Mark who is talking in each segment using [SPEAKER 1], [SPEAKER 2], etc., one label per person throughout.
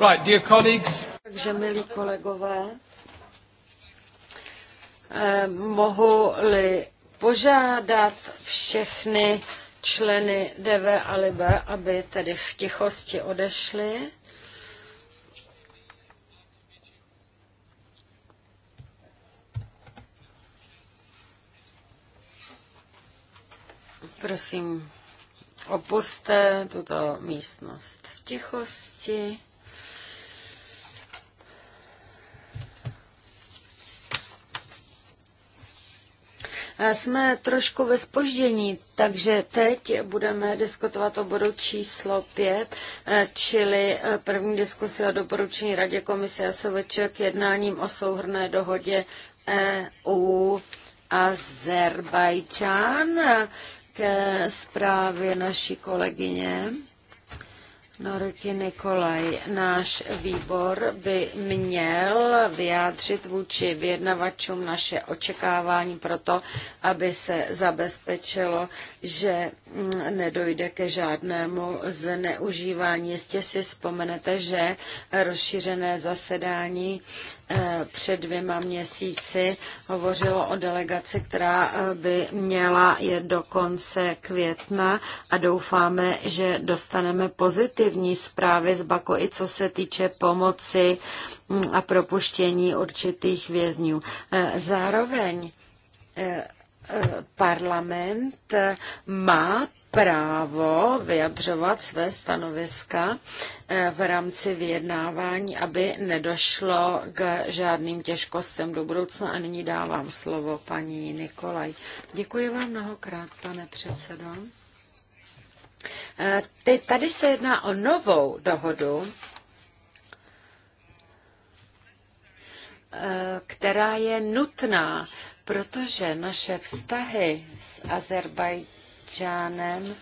[SPEAKER 1] Right, dear colleagues.
[SPEAKER 2] Takže, milí kolegové, eh, mohu-li požádat všechny členy DV a LIBE, aby tedy v tichosti odešli. Prosím, opuste tuto místnost v tichosti. Jsme trošku ve spoždění, takže teď budeme diskutovat o bodu číslo 5, eh, čili eh, první diskusi o doporučení Radě komise a k jednáním o souhrné dohodě EU Azerbajdžán eh, ke zprávě naší kolegyně. Noriky Nikolaj, náš výbor by měl vyjádřit vůči vyjednavačům naše očekávání pro to, aby se zabezpečilo, že mm, nedojde ke žádnému zneužívání. Jistě si vzpomenete, že rozšířené zasedání Eh, před dvěma měsíci hovořilo o delegaci, která eh, by měla je do konce května a doufáme, že dostaneme pozitivní zprávy z Bako i co se týče pomoci mm, a propuštění určitých vězňů. Eh, zároveň parlament
[SPEAKER 3] má
[SPEAKER 2] právo vyjadřovat své stanoviska eh, v rámci vyjednávání, aby nedošlo k žádným těžkostem do budoucna. A nyní dávám slovo paní Nikolaj. Děkuji vám mnohokrát, pane předsedo. Eh, Teď tady se jedná o novou dohodu, eh, která je nutná protože naše vztahy s Azerbajdžánem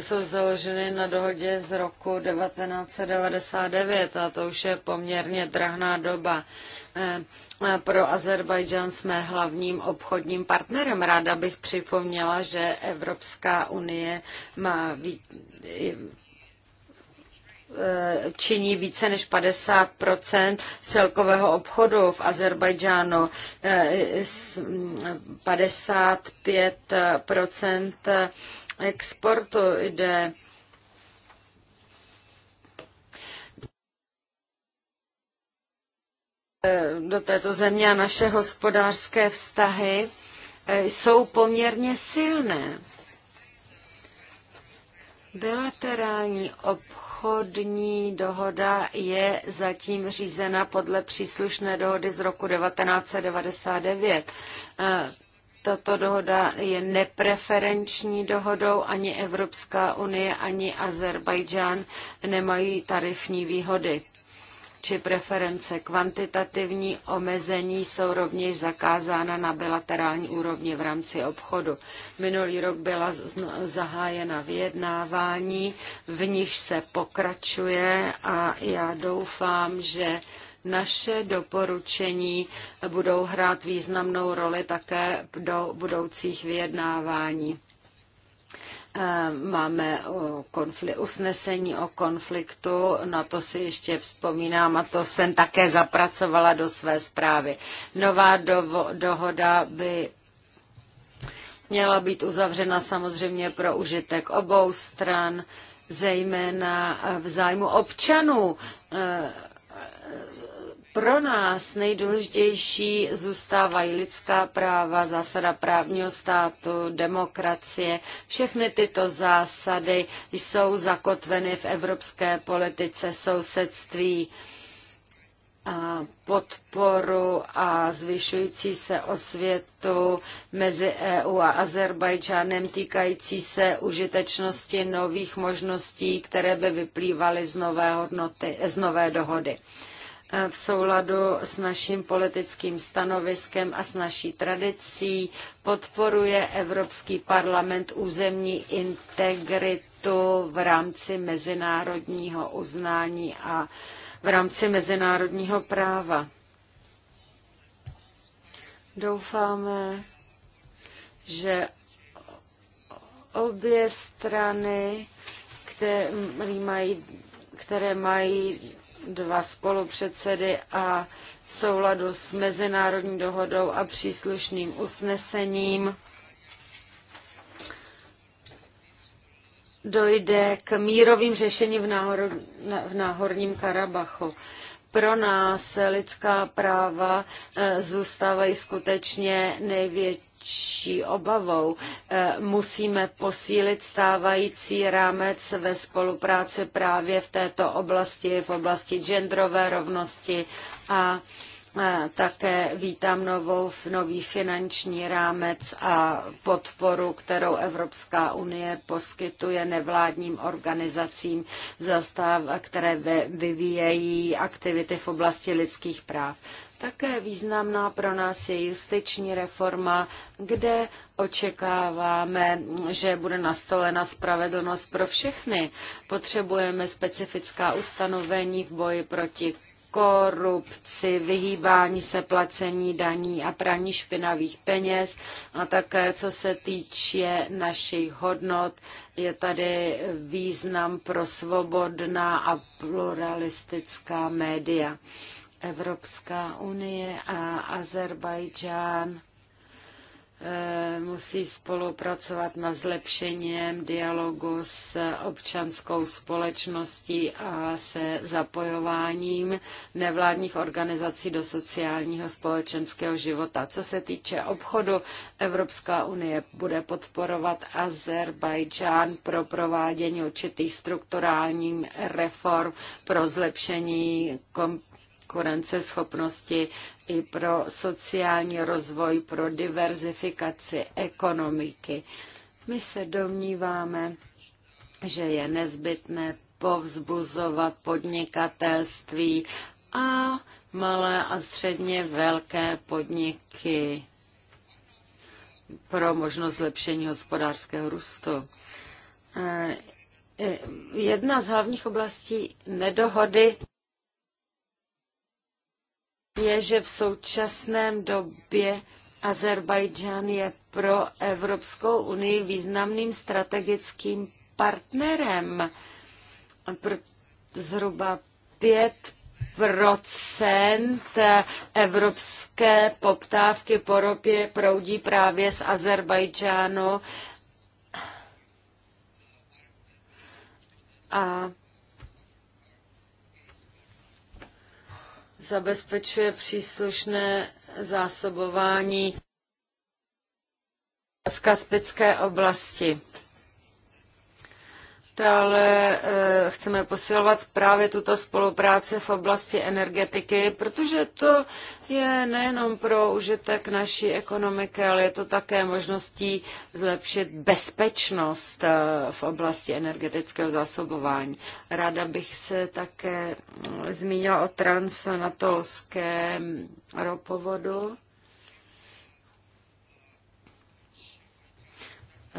[SPEAKER 2] jsou založeny na dohodě z roku 1999 a to už je poměrně drahná doba. Eh, pro Azerbajdžán jsme hlavním obchodním partnerem. Ráda bych připomněla, že Evropská unie má Eh, činí více než 50 celkového obchodu v Azerbajdžánu. 55 eh, mm, exportu jde eh, do této země a naše hospodářské vztahy jsou poměrně silné. Bilaterální obchod obchodní dohoda je zatím řízena podle příslušné dohody z roku 1999. E, tato dohoda je nepreferenční dohodou, ani Evropská unie, ani Azerbajdžán nemají tarifní výhody či preference kvantitativní omezení jsou rovněž zakázána na bilaterální úrovni v rámci obchodu. Minulý rok byla zahájena vyjednávání, v nich se pokračuje a já doufám, že naše doporučení budou hrát významnou roli také do budoucích vyjednávání. Eh, máme konfli usnesení o konfliktu, na to si ještě vzpomínám a to jsem také zapracovala do své zprávy. Nová dovo, dohoda by měla být uzavřena samozřejmě pro užitek obou stran, zejména v zájmu občanů eh, pro nás nejdůležitější zůstávají lidská práva, zásada právního státu, demokracie. Všechny tyto zásady jsou zakotveny v evropské politice sousedství a podporu a zvyšující se osvětu mezi EU a Azerbajdžánem týkající se užitečnosti nových možností, které by vyplývaly z nové, hodnoty, z nové dohody v souladu s naším politickým stanoviskem a s naší tradicí. Podporuje Evropský parlament územní integritu v rámci mezinárodního uznání a v rámci mezinárodního práva. Doufáme, že obě strany, které mají, které mají dva spolupředsedy a v souladu s mezinárodní dohodou a příslušným usnesením dojde k mírovým řešením v, náhor, v náhorním Karabachu. Pro nás lidská práva eh, zůstávají skutečně největší největší obavou. E, musíme posílit stávající rámec ve spolupráci právě v této oblasti, v oblasti genderové rovnosti a e, také vítám novou, nový finanční rámec a podporu, kterou Evropská unie poskytuje nevládním organizacím, které vyvíjejí aktivity v oblasti lidských práv. Také významná pro nás je justiční reforma, kde očekáváme, že bude nastolena spravedlnost pro všechny. Potřebujeme specifická ustanovení v boji proti korupci, vyhýbání se placení daní a praní špinavých peněz a také co se týče našich hodnot, je tady význam pro svobodná a pluralistická média. Evropská unie a Azerbajdžán eh, musí spolupracovat na zlepšením dialogu s občanskou společností a se zapojováním nevládních organizací do sociálního společenského života. Co se týče obchodu, Evropská unie bude podporovat Azerbajdžán pro provádění určitých strukturálních reform pro zlepšení kom- konkurenceschopnosti i pro sociální rozvoj, pro diverzifikaci ekonomiky. My se domníváme, že je nezbytné povzbuzovat podnikatelství a malé a středně velké podniky pro možnost zlepšení hospodářského růstu. Eh, eh, jedna z hlavních oblastí nedohody je, že v současném době Azerbajdžán je pro Evropskou unii významným strategickým partnerem. Pro Zhruba 5 procent evropské poptávky po ropě proudí právě z Azerbajdžánu. A zabezpečuje příslušné zásobování z Kaspické oblasti. Dále eh, chceme posilovat právě tuto spolupráci v oblasti energetiky, protože to je nejenom pro užitek naší ekonomiky, ale je to také možností zlepšit bezpečnost eh, v oblasti energetického zásobování. Ráda bych se také zmínila o transnatolském ropovodu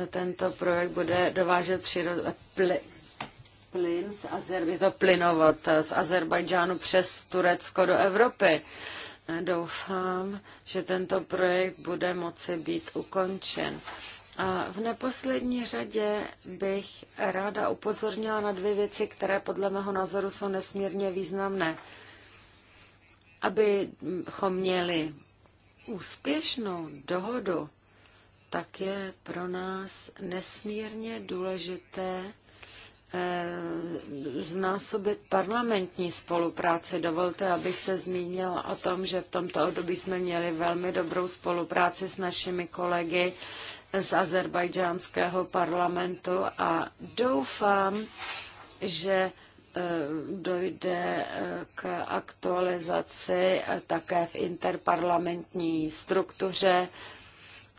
[SPEAKER 2] tento projekt bude dovážet přírod, pli, plyn z Azer, je to plynovod z Azerbajdžánu přes Turecko do Evropy. Doufám, že tento projekt bude moci být ukončen. A v neposlední řadě bych ráda upozornila na dvě věci, které podle mého názoru jsou nesmírně významné. Abychom měli úspěšnou dohodu tak je pro nás nesmírně důležité eh, znásobit parlamentní spolupráci. Dovolte, abych se zmínila o tom, že v tomto období jsme měli velmi dobrou spolupráci s našimi kolegy z azerbajdžánského parlamentu a doufám, že eh, dojde eh, k aktualizaci také v interparlamentní struktuře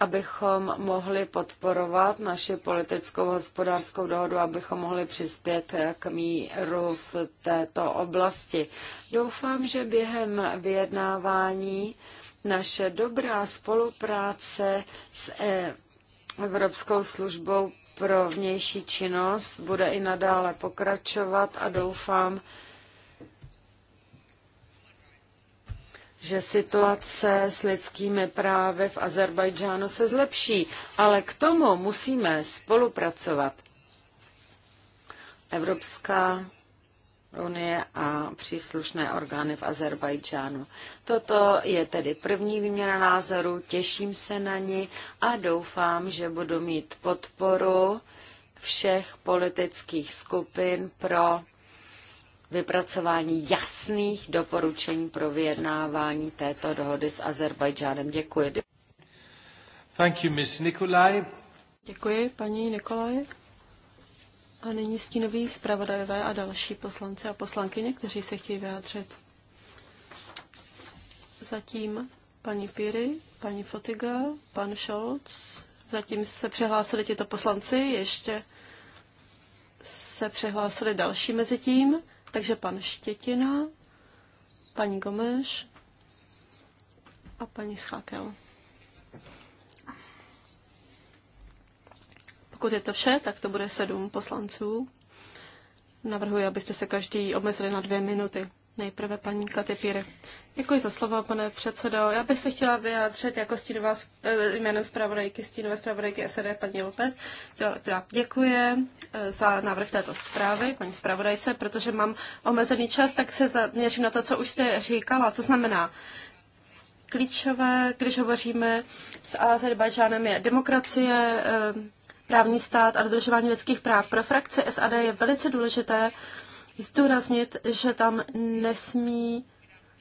[SPEAKER 2] abychom mohli podporovat naši politickou hospodářskou dohodu, abychom mohli přispět k míru v této oblasti. Doufám, že během vyjednávání naše dobrá spolupráce s e- Evropskou službou pro vnější činnost bude i nadále pokračovat a doufám, že situace s lidskými právy v Azerbajdžánu se zlepší, ale k tomu musíme spolupracovat. Evropská unie a příslušné orgány v Azerbajdžánu. Toto je tedy první výměna názorů, těším se na ní a doufám, že budu mít podporu všech politických skupin pro vypracování jasných doporučení pro vyjednávání této dohody s Azerbajdžánem. Děkuji.
[SPEAKER 1] Thank you, Miss Nikolaj.
[SPEAKER 4] Děkuji, paní Nikolaj. A nyní stínoví zpravodajové a další poslanci a poslankyně, kteří se chtějí vyjádřit. Zatím paní Piry, paní Fotiga, pan Scholz. Zatím se přihlásili tito poslanci, ještě se přihlásili další mezi tím. Takže pan Štětina, paní Gomeš a paní Schákel. Pokud je to vše, tak to bude sedm poslanců. Navrhuji, abyste se každý omezili na dvě minuty. Nejprve paní Píry. Děkuji za slovo, pane předsedo. Já bych se chtěla vyjádřit jako stínová, eh, jménem zpravodajky, stínové zpravodajky SED paní Lopez, která děkuje eh, za návrh této zprávy, paní zpravodajce, protože mám omezený čas, tak se zaměřím na to, co už jste říkala. To znamená, klíčové, když hovoříme s Azerbajdžánem, je demokracie, eh, právní stát a dodržování lidských práv. Pro frakci SAD je velice důležité, zdůraznit, že tam nesmí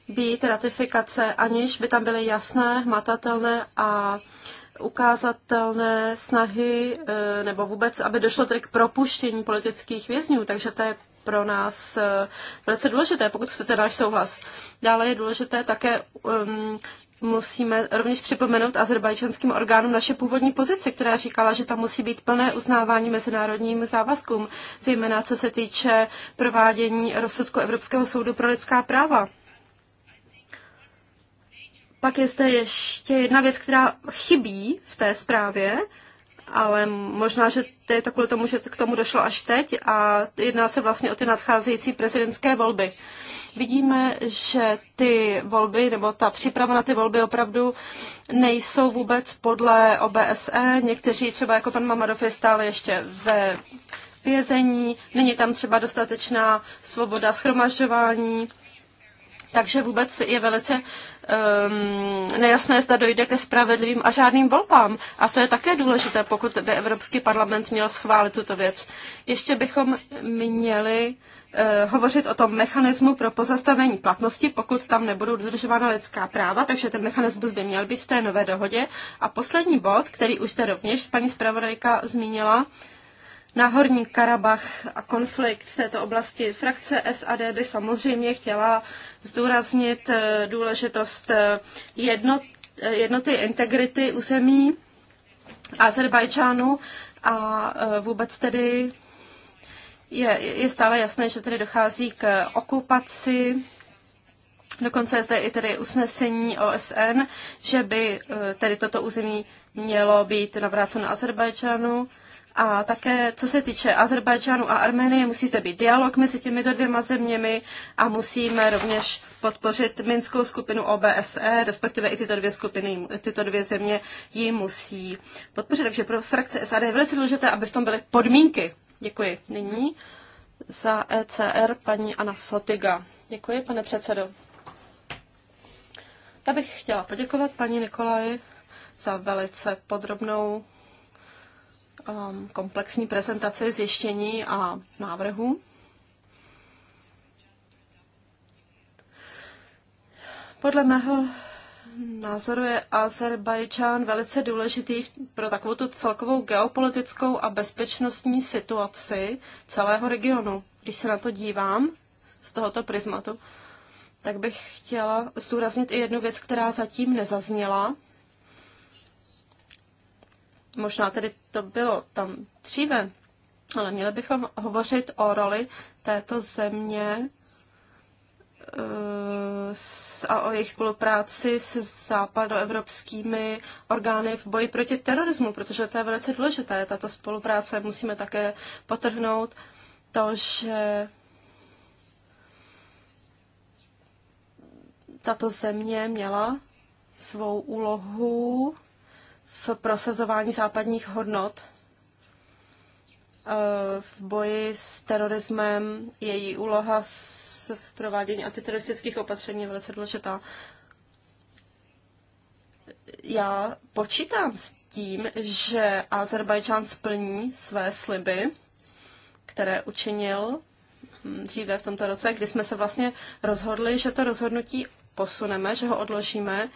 [SPEAKER 4] být ratifikace, aniž by tam byly jasné, hmatatelné a ukázatelné snahy, eh, nebo vůbec, aby došlo tedy k propuštění politických vězňů, takže to je pro nás eh, velice důležité, pokud chcete náš souhlas. Dále je důležité také um, musíme rovněž připomenout azerbajčanským orgánům naše původní pozici, která říkala, že tam musí být plné uznávání mezinárodním závazkům, zejména co se týče provádění rozsudku Evropského soudu pro lidská práva. Pak je zde ještě jedna věc, která chybí v té zprávě, ale možná, že to je to kvůli tomu, že k tomu došlo až teď a jedná se vlastně o ty nadcházející prezidentské volby. Vidíme, že ty volby nebo ta příprava na ty volby opravdu nejsou vůbec podle OBSE. Někteří třeba jako pan Mamadov je stále ještě ve vězení, není tam třeba dostatečná svoboda schromažďování. Takže vůbec je velice um, nejasné, zda dojde ke spravedlivým a řádným volbám. A to je také důležité, pokud by Evropský parlament měl schválit tuto věc. Ještě bychom měli uh, hovořit o tom mechanismu pro pozastavení platnosti, pokud tam nebudou dodržována lidská práva, takže ten mechanismus by měl být v té nové dohodě. A poslední bod, který už jste rovněž paní zpravodajka zmínila, uh, na Horní Karabach a konflikt v této oblasti. Frakce SAD by samozřejmě chtěla zdůraznit eh, důležitost eh, jednot, eh, jednoty integrity území Azerbajdžánu a vůbec tedy je, je stále jasné, že tedy dochází k okupaci Dokonce je zde i tedy usnesení OSN, že by tedy toto území mělo být navráceno Azerbajdžánu. A také, co se týče Azerbajdžánu a Arménie, musí být dialog mezi těmito dvěma zeměmi a musíme rovněž podpořit Minskou skupinu OBSE, respektive i tyto dvě skupiny, tyto dvě země ji musí podpořit. Takže pro frakce SAD je velice důležité, aby v tom byly podmínky. Děkuji. Nyní za ECR paní Anna Fotiga. Děkuji, pane předsedo. Já bych chtěla poděkovat paní Nikolaji za velice podrobnou Um, komplexní prezentaci zjištění a návrhu. Podle mého názoru je Azerbajdžán velice důležitý pro takovou tu celkovou geopolitickou a bezpečnostní situaci celého regionu. Když se na to dívám z tohoto prismatu, tak bych chtěla zdůraznit i jednu věc, která zatím nezazněla. Možná tedy to bylo tam dříve, ale měli bychom hovořit o roli této země eh, a o jejich spolupráci se západoevropskými orgány v boji proti terorismu, protože to je velice důležité, tato spolupráce. Musíme také potrhnout to, že tato země měla svou úlohu prosazování západních hodnot, eh, v boji s terorismem. Její úloha v provádění antiteroristických opatření je velice důležitá. Já počítám s tím, že Azerbajdžán splní své sliby, které učinil hm, dříve v tomto roce, kdy jsme se vlastně rozhodli, že to rozhodnutí posuneme, že ho odložíme,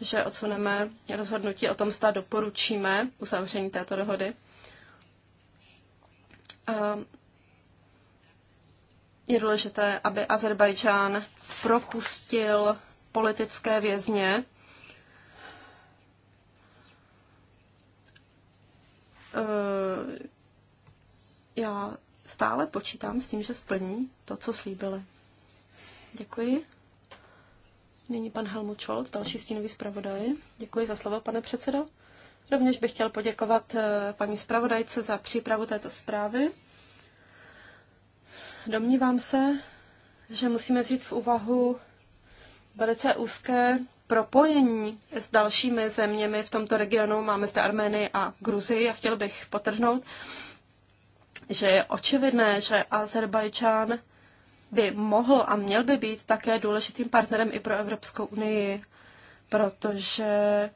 [SPEAKER 4] že odsuneme rozhodnutí o tom, zda doporučíme uzavření této dohody. Je důležité, aby Azerbajdžán propustil politické vězně, e, já stále počítám s tím, že splní to, co slíbili. Děkuji. Nyní pan Helmut Scholz, další stínový zpravodaj. Děkuji za slovo, pane předsedo. Rovněž bych chtěl poděkovat eh, paní zpravodajce za přípravu této zprávy. Domnívám se, že musíme vzít v úvahu velice úzké propojení s dalšími zeměmi v tomto regionu. Máme zde Armény a Gruzii a chtěl bych potrhnout, že je očividné, že Azerbajdžán by mohl a měl by být také důležitým partnerem i pro Evropskou unii, protože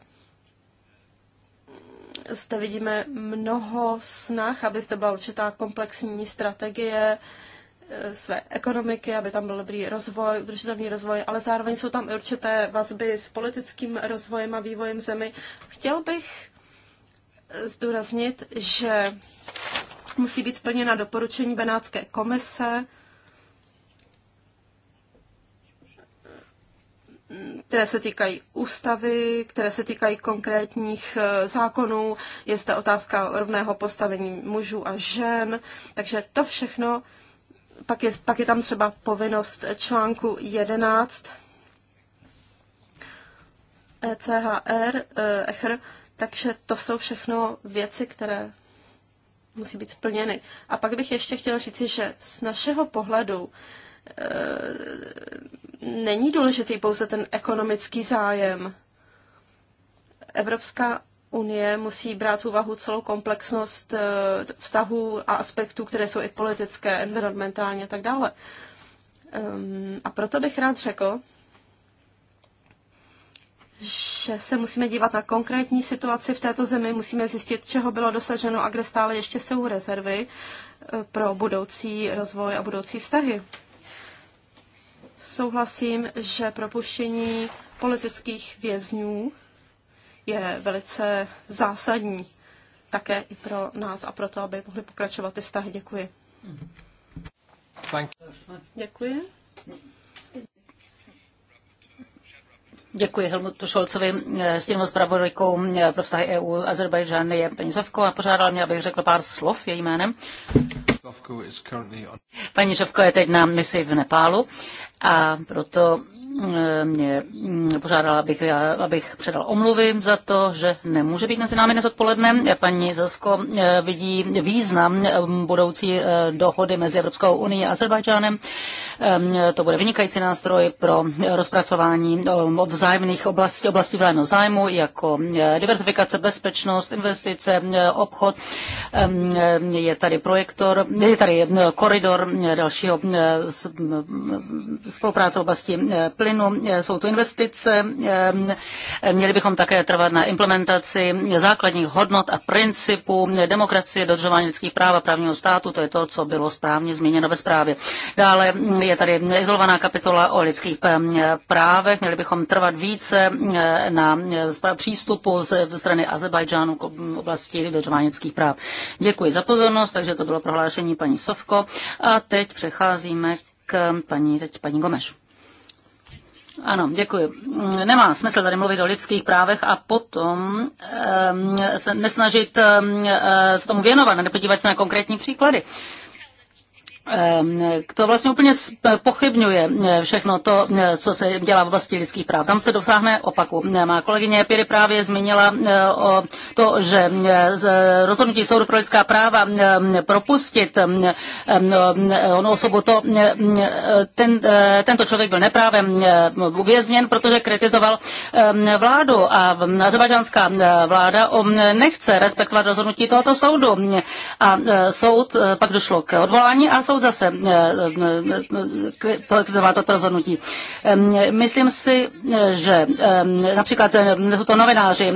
[SPEAKER 4] zde vidíme mnoho snah, aby zde byla určitá komplexní strategie eh, své ekonomiky, aby tam byl dobrý rozvoj, udržitelný rozvoj, ale zároveň jsou tam i určité vazby s politickým rozvojem a vývojem zemi. Chtěl bych zdůraznit, že musí být splněna doporučení Benátské komise, které se týkají ústavy, které se týkají konkrétních e, zákonů. Je zde otázka rovného postavení mužů a žen. Takže to všechno, pak je, pak je tam třeba povinnost článku 11 ECHR, ECHR, takže to jsou všechno věci, které musí být splněny. A pak bych ještě chtěla říci, že z našeho pohledu Eh, není důležitý pouze ten ekonomický zájem. Evropská unie musí brát v úvahu celou komplexnost eh, vztahů a aspektů, které jsou i politické, environmentálně a tak dále. Ehm, a proto bych rád řekl, že se musíme dívat na konkrétní situaci v této zemi, musíme zjistit, čeho bylo dosaženo a kde stále ještě jsou rezervy eh, pro budoucí rozvoj a budoucí vztahy. Souhlasím, že propuštění politických vězňů je velice zásadní také i pro nás a pro to, aby mohli pokračovat ty vztahy. Děkuji.
[SPEAKER 1] Thank you.
[SPEAKER 4] Děkuji.
[SPEAKER 3] Děkuji Helmutu Šolcovi, eh, stínovou zpravodajkou eh, pro vztahy EU Azerbajdžán je paní Zavko a pořádala mě, abych řekl pár slov její jménem. Paní Šovko je teď na misi v Nepálu a proto eh, mě mm, požádala, abych, já, abych předal omluvy za to, že nemůže být mezi námi dnes odpoledne. Paní Zasko vidí význam budoucí dohody mezi Evropskou unii a Azerbajdžánem. To bude vynikající nástroj pro rozpracování vzájemných oblastí, oblastí vzájemného zájmu, jako e, diversifikace, bezpečnost, investice, e, obchod. E, je tady projektor, je tady koridor dalšího spolupráce v oblasti plynu. Jsou tu investice. Měli bychom také trvat na implementaci základních hodnot a principů demokracie, dodržování lidských práv a právního státu. To je to, co bylo správně zmíněno ve zprávě. Dále je tady izolovaná kapitola o lidských právech. Měli bychom trvat pracovat více eh, na eh, přístupu ze strany Azerbajdžánu k oblasti dodržování lidských práv. Děkuji za pozornost, takže to bylo prohlášení paní Sovko. A teď přecházíme k paní, teď paní Gomeš. Ano, děkuji. Mm, nemá smysl tady mluvit o lidských právech a potom um, se nesnažit um, se tomu věnovat nepodívat se na konkrétní příklady. Ehm, to vlastně úplně pochybňuje eh, všechno to, eh, co se dělá v oblasti lidských práv. Tam se dosáhne opaku. Eh, má kolegyně Piry právě zmínila o to, že rozhodnutí soudu pro lidská práva propustit On osobu, to, ten, tento člověk byl neprávem uvězněn, protože kritizoval vládu a azerbajdžanská vláda nechce respektovat rozhodnutí tohoto soudu. A soud pak došlo k odvolání a soud zase kvitoval eh, eh, eh, toto rozhodnutí. Ehm, myslím si, že ehm, například jsou to novináři,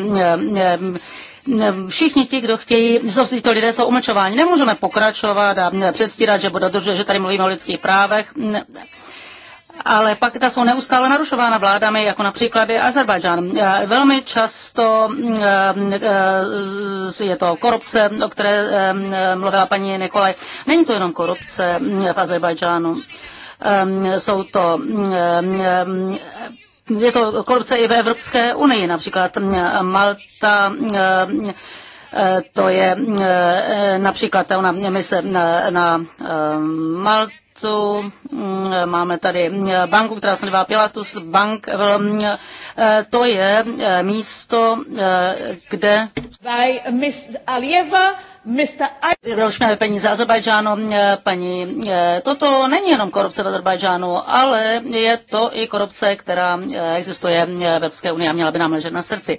[SPEAKER 3] ehm, všichni ti, kdo chtějí, to lidé jsou umlčováni. Nemůžeme pokračovat a předstírat, že, bude, že tady mluvíme o lidských právech ale pak ta jsou neustále narušována vládami, jako například je Azerbajdžán. Eh, velmi často eh, eh, je to korupce, o které mluvila paní Nikolaj. Není to jenom korupce v Azerbajdžánu. Jsou to je to korupce i ve Evropské unii, například Malta, to je například ona mise na, na Malta, Pilatu, mm, máme tady mm, banku, která se nevá Pilatus Bank. Eh, to je eh, místo, eh, kde... By Miss Alieva Vyrošné peníze Azerbajdžánu, eh, paní, eh, toto není jenom korupce v Azerbajdžánu, ale je to i korupce, která eh, existuje v Evropské unii a měla by nám ležet na srdci.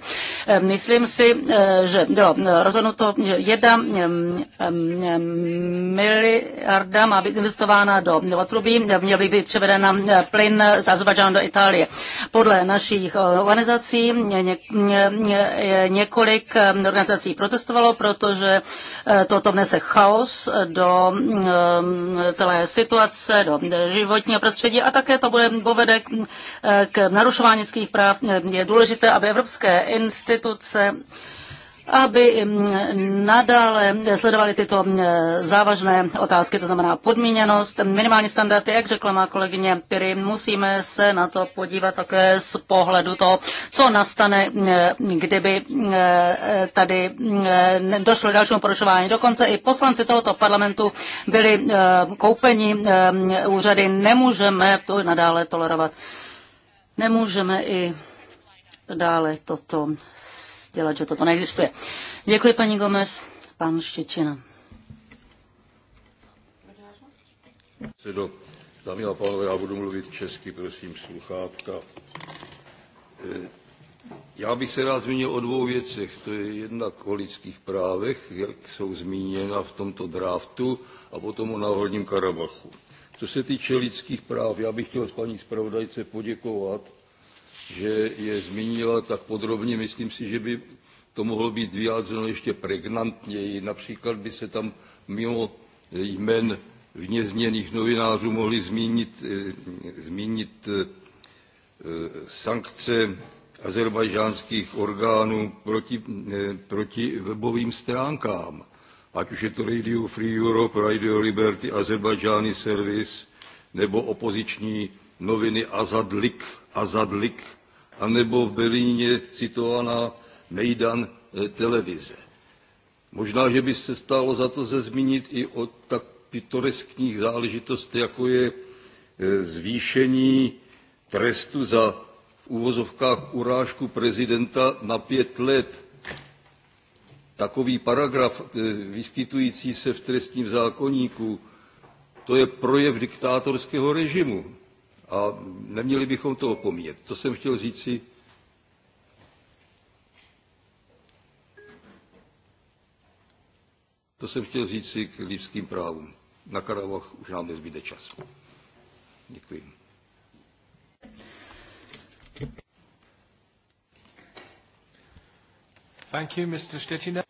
[SPEAKER 3] Myslím si, že bylo rozhodnuto, že jedna miliarda má být investována do otrubí, měl by být převedena plyn z Azerbajdžánu do Itálie. Podle našich organizací několik organizací protestovalo, protože Eh, toto vnese chaos do mm, eh, celé situace, do životního prostředí a také to bude povede eh, k narušování lidských práv. Je důležité, aby evropské instituce aby mm, nadále sledovali tyto mm, závažné otázky, to znamená podmíněnost, minimální standardy, jak řekla má kolegyně Piri, musíme se na to podívat také z pohledu toho, co nastane, mm, kdyby tady došlo k dalšímu porušování. Dokonce i poslanci tohoto parlamentu byli koupeni úřady, nemůžeme to nadále tolerovat. Nemůžeme i dále toto dělat, že toto neexistuje. Děkuji, paní Gomez. Pan Štěčina.
[SPEAKER 1] Předo, dámy a pánové, já budu mluvit česky, prosím, sluchátka. Eh, já bych se rád zmínil o dvou věcech. To je jednak o lidských právech, jak jsou zmíněna v tomto draftu, a potom o náhodním Karabachu. Co se týče lidských práv, já bych chtěl paní zpravodajce poděkovat že je zmínila tak podrobně, myslím si, že by to mohlo být vyjádřeno ještě pregnantněji. Například by se tam mimo jmen vnězněných novinářů mohly zmínit, eh, zmínit eh, sankce azerbajžánských orgánů proti, eh, proti webovým stránkám, ať už je to Radio Free Europe, Radio Liberty, Azerbajžány Service nebo opoziční noviny Azadlik, Azadlik anebo v Berlíně citovaná Mejdan eh, televize. Možná, že by se stálo za to se zmínit i o tak pitoreskních záležitostech, jako je eh, zvýšení trestu za v úvozovkách urážku prezidenta na pět let. Takový paragraf eh, vyskytující se v trestním zákoníku, to je projev diktátorského režimu. A neměli bychom to opomíjet. To jsem chtěl říci. To jsem chtěl říci k lidským právům. Na karavách už nám nezbyde čas. Děkuji.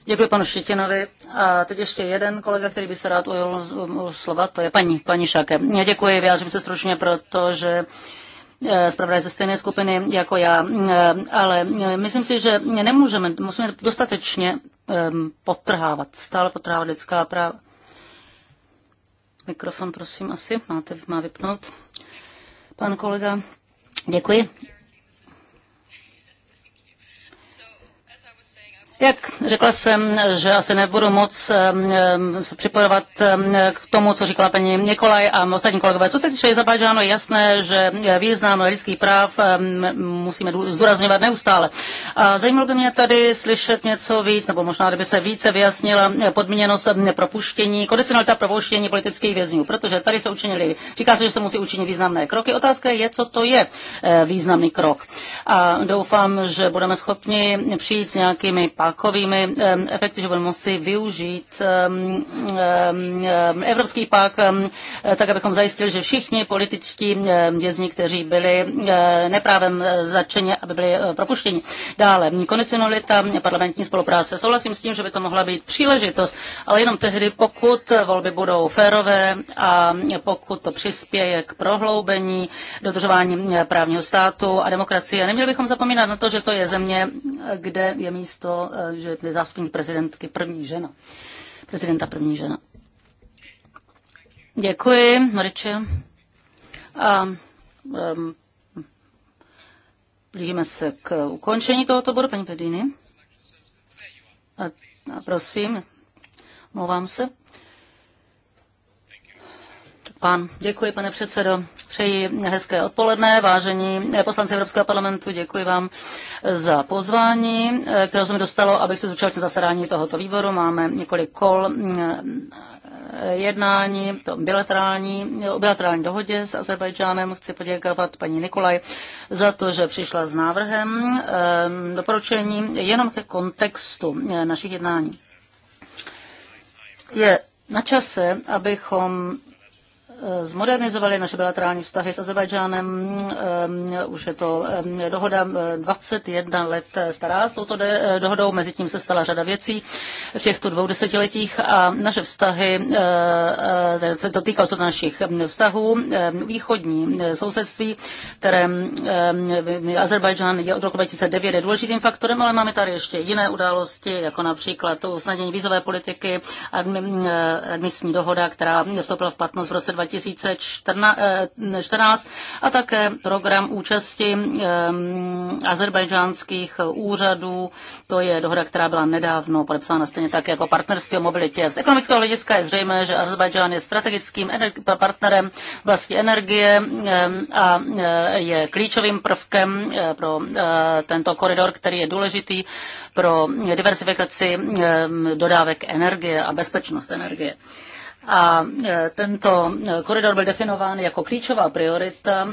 [SPEAKER 1] Děkuji panu Štětinovi.
[SPEAKER 3] A teď ještě jeden kolega, který by se rád ujel slova, to je paní, paní Šake. Já děkuji, vyjádřím se stručně, protože eh, zpravodaj ze stejné skupiny jako já, mm, eh, ale eh, myslím si, že nemůžeme, musíme dostatečně ehm, potrhávat, stále potrhávat lidská práva. Mikrofon, prosím, asi máte, má vypnout. Pan kolega, děkuji. Jak řekla jsem, že asi nebudu moc připojovat k tomu, co říkala paní Nikolaj a ostatní kolegové. Co se týče Azerbajdžánu, je jasné, že význam lidských práv musíme zdůrazňovat neustále. A zajímalo by mě tady slyšet něco víc, nebo možná, kdyby se více vyjasnila podmíněnost propuštění, kondicionalita propuštění politických vězňů, protože tady se učinili, říká se, že se musí učinit významné kroky. Otázka je, co to je eh, významný krok. A doufám, že budeme schopni přijít s nějakými a kovými efekty, že budeme moci využít Evropský pak, tak abychom zajistili, že všichni političtí vězni, kteří byli e, neprávem začeně, aby byli e, propuštěni. Dále, kondicionalita parlamentní spolupráce. Souhlasím s tím, že by to mohla být příležitost, ale jenom tehdy, pokud volby budou férové a pokud to přispěje k prohloubení dodržování právního státu a demokracie. Neměli bychom zapomínat na to, že to je země, kde je místo Eh, že je zástupní prezidentky první žena, prezidenta první žena. Děkuji, Mariče. A um, blížíme se k ukončení tohoto bodu, paní Pediny. A, a prosím, mluvám se. Pan, děkuji, pane předsedo. Přeji hezké odpoledne, vážení poslanci Evropského parlamentu, děkuji vám za pozvání, které se mi dostalo, abych se zúčastnil zasedání tohoto výboru. Máme několik kol eh, jednání, to bilaterální, o bilaterální dohodě s Azerbajdžánem. Chci poděkovat paní Nikolaj za to, že přišla s návrhem eh, doporučení jenom ke kontextu eh, našich jednání. Je na čase, abychom Eh, zmodernizovali naše bilaterální vztahy s Azerbajdžánem. Eh, už je to eh, dohoda 21 let stará s touto dohodou, mezi tím se stala řada věcí v těchto dvou desetiletích a naše vztahy, se to týkalo se našich vztahů, východní sousedství, které Azerbajdžán je od roku 2009 je důležitým faktorem, ale máme tady ještě jiné události, jako například usnadnění vízové politiky, admisní dohoda, která vstoupila v platnost v roce 2000, 2014 eh, a také program účasti ehm, azerbajdžánských úřadů. To je dohoda, která byla nedávno podepsána stejně tak jako partnerství o mobilitě. Z ekonomického hlediska je zřejmé, že Azerbajdžán je strategickým partnerem vlastní energie ehm, a eh, je klíčovým prvkem eh, pro tento koridor, který je důležitý pro diversifikaci ehm, dodávek energie a bezpečnost energie. A e, tento koridor byl definován jako klíčová priorita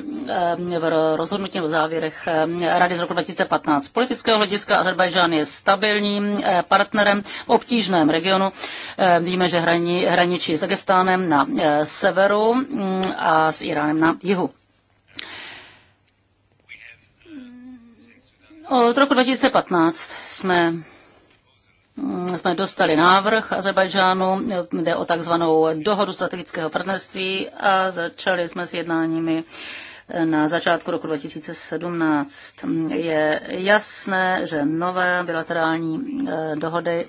[SPEAKER 3] e, v rozhodnutí v závěrech e, Rady z roku 2015. Z politického hlediska Azerbajdžán je stabilním partnerem v obtížném regionu. Víme, že hraní, hraničí s Dagestánem na severu mm, a s Iránem na jihu. Od roku 2015 jsme jsme dostali návrh Azerbajdžánu, jde o takzvanou dohodu strategického partnerství a začali jsme s jednáními na začátku roku 2017. Je jasné, že nové bilaterální eh, dohody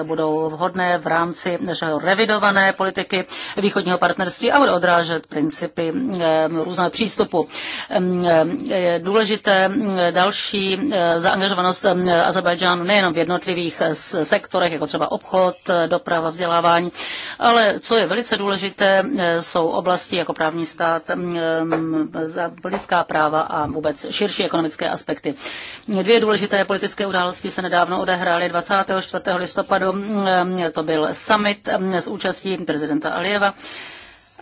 [SPEAKER 3] eh, budou vhodné v rámci našeho revidované politiky východního partnerství a bude odrážet principy eh, různého přístupu. Ehm, je důležité další zaangažovanost ehm, Azerbajdžánu nejenom v jednotlivých sektorech, jako třeba obchod, doprava, vzdělávání, ale co je velice důležité, jsou oblasti jako právní stát, ehm, za lidská práva a vůbec širší ekonomické aspekty. Dvě důležité politické události se nedávno odehrály 24. listopadu. Eh, to byl summit eh, s účastí prezidenta Alieva.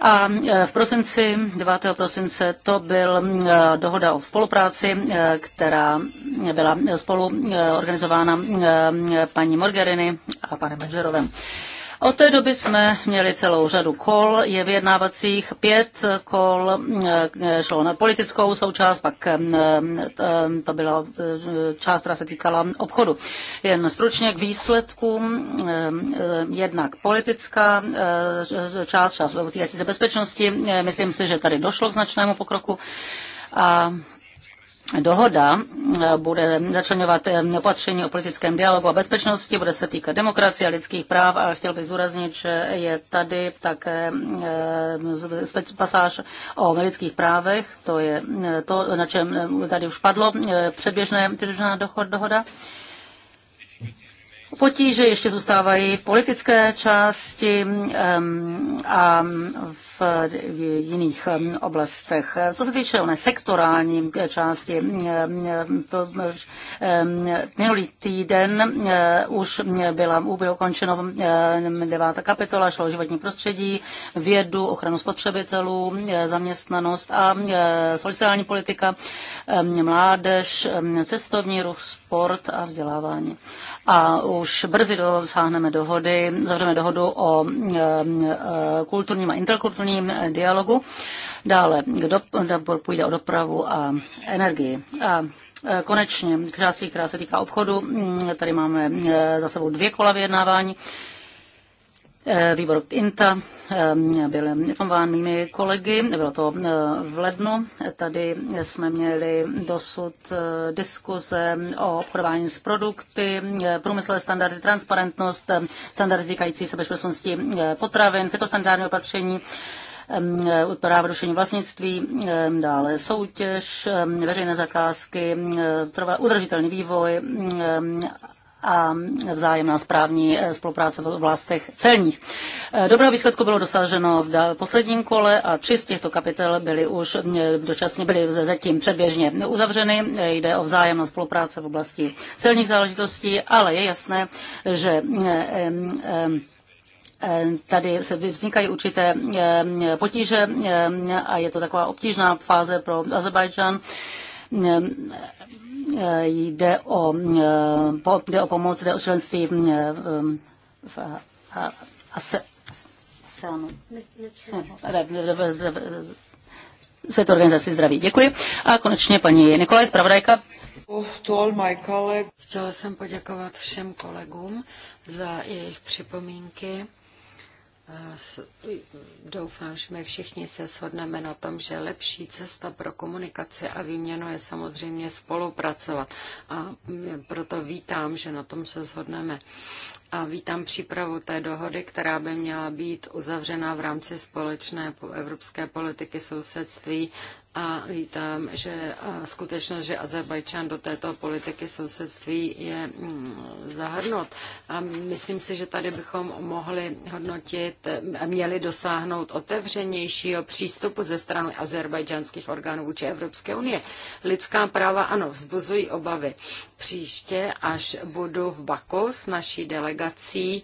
[SPEAKER 3] A eh, v prosinci, 9. prosince, to byl dohoda o spolupráci, která byla spolu organizována paní Morgerini a panem Benžerovem. Od té doby jsme měli celou řadu kol, je vyjednávacích pět kol, eh, šlo na politickou součást, pak eh, eh, to byla část, která se týkala obchodu. Jen stručně k výsledkům, jednak politická část, část týkající se bezpečnosti, myslím si, že tady došlo k značnému pokroku. A Dohoda eh, bude začlenovat eh, opatření o politickém dialogu a bezpečnosti, bude se týkat demokracie a lidských práv a chtěl bych zúraznit, že je tady také eh, pasáž o lidských právech, to je to, na čem tady už padlo předběžné, předběžná dohoda. Potíže ještě zůstávají v politické části a v jiných oblastech. Co se týče oné sektorální části, minulý týden eh, už byla bylo ukončeno devátá kapitola, šlo o životní prostředí, vědu, ochranu spotřebitelů, eh, zaměstnanost a eh, sociální politika, mládež, cestovní ruch, sport a vzdělávání a už brzy dosáhneme dohody, zavřeme dohodu o eh, eh, kulturním a interkulturním dialogu. Dále půjde o dopravu a energii. A eh, konečně k části, která se týká obchodu. Mm, tady máme za sebou dvě kola vyjednávání. Eh, výbor INTA eh, byl informován mými kolegy, bylo to eh, v lednu. Tady jsme měli dosud diskuze o obchodování s produkty, průmyslové standardy, transparentnost, standardy týkající se bezpečnosti potravin, fytosanitární opatření právo rušení vlastnictví, dále soutěž, veřejné zakázky, udržitelný vývoj a vzájemná správní eh, spolupráce v oblastech celních. Eh, dobrého výsledku bylo dosaženo v posledním kole a tři z těchto kapitel byly už eh, dočasně, byly zatím předběžně uzavřeny. Jde o vzájemnou spolupráce v oblasti celních záležitostí, ale je jasné, že Tady se vznikají určité potíže a je to taková obtížná fáze pro Azerbajdžán jde o, jde o pomoc, jde o členství eh, v ASEANu. Světové organizaci zdraví. Děkuji. A konečně paní Nikolaj, zpravodajka.
[SPEAKER 2] Chtěla jsem poděkovat všem kolegům za jejich připomínky Eh, doufám, že my všichni se shodneme na tom, že lepší cesta pro komunikaci a výměnu je samozřejmě spolupracovat. A proto vítám, že na tom se shodneme. A vítám přípravu té dohody, která by měla být uzavřena v rámci společné evropské politiky sousedství a vítám, že skutečnost, že Azerbajdžán do této politiky sousedství je mm, zahrnut. A myslím si, že tady bychom mohli hodnotit, měli dosáhnout otevřenějšího přístupu ze strany azerbajdžanských orgánů vůči Evropské unie. Lidská práva, ano, vzbuzují obavy. Příště, až budu v Baku s naší delegací,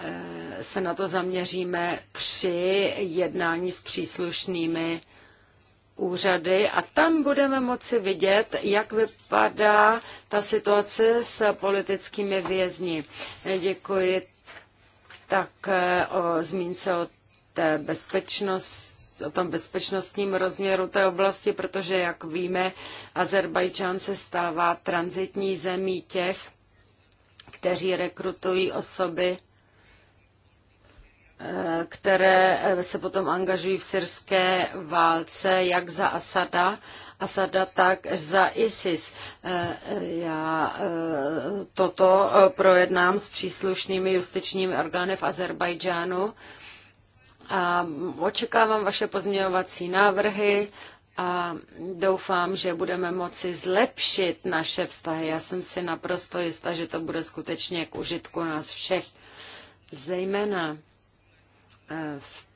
[SPEAKER 2] eh, se na to zaměříme při jednání s příslušnými úřady a tam budeme moci vidět, jak vypadá ta situace s politickými vězni. Děkuji tak eh, o zmínce o té bezpečnost o tom bezpečnostním rozměru té oblasti, protože, jak víme, Azerbajdžán se stává transitní zemí těch, kteří rekrutují osoby které eh, se potom angažují v syrské válce, jak za Asada, Asada, tak za ISIS. Eh, eh, já toto projednám s příslušnými justičními orgány v Azerbajdžánu a očekávám vaše pozměňovací návrhy a doufám, že budeme moci zlepšit naše vztahy. Já jsem si naprosto jistá, že to bude skutečně k užitku nás všech, zejména v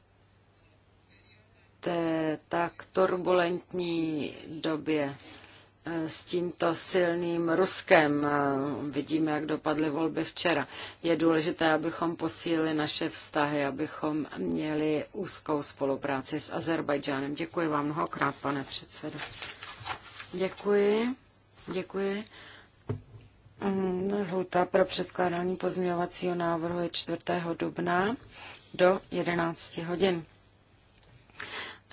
[SPEAKER 2] té tak turbulentní době eh, s tímto silným Ruskem. Eh, vidíme, jak dopadly volby včera. Je důležité, abychom posílili naše vztahy, abychom měli úzkou spolupráci s Azerbajdžánem. Děkuji vám mnohokrát, pane předsedo. Děkuji. Děkuji. Mm, Lhuta pro předkládání pozměňovacího návrhu je 4. dubna do 11 hodin.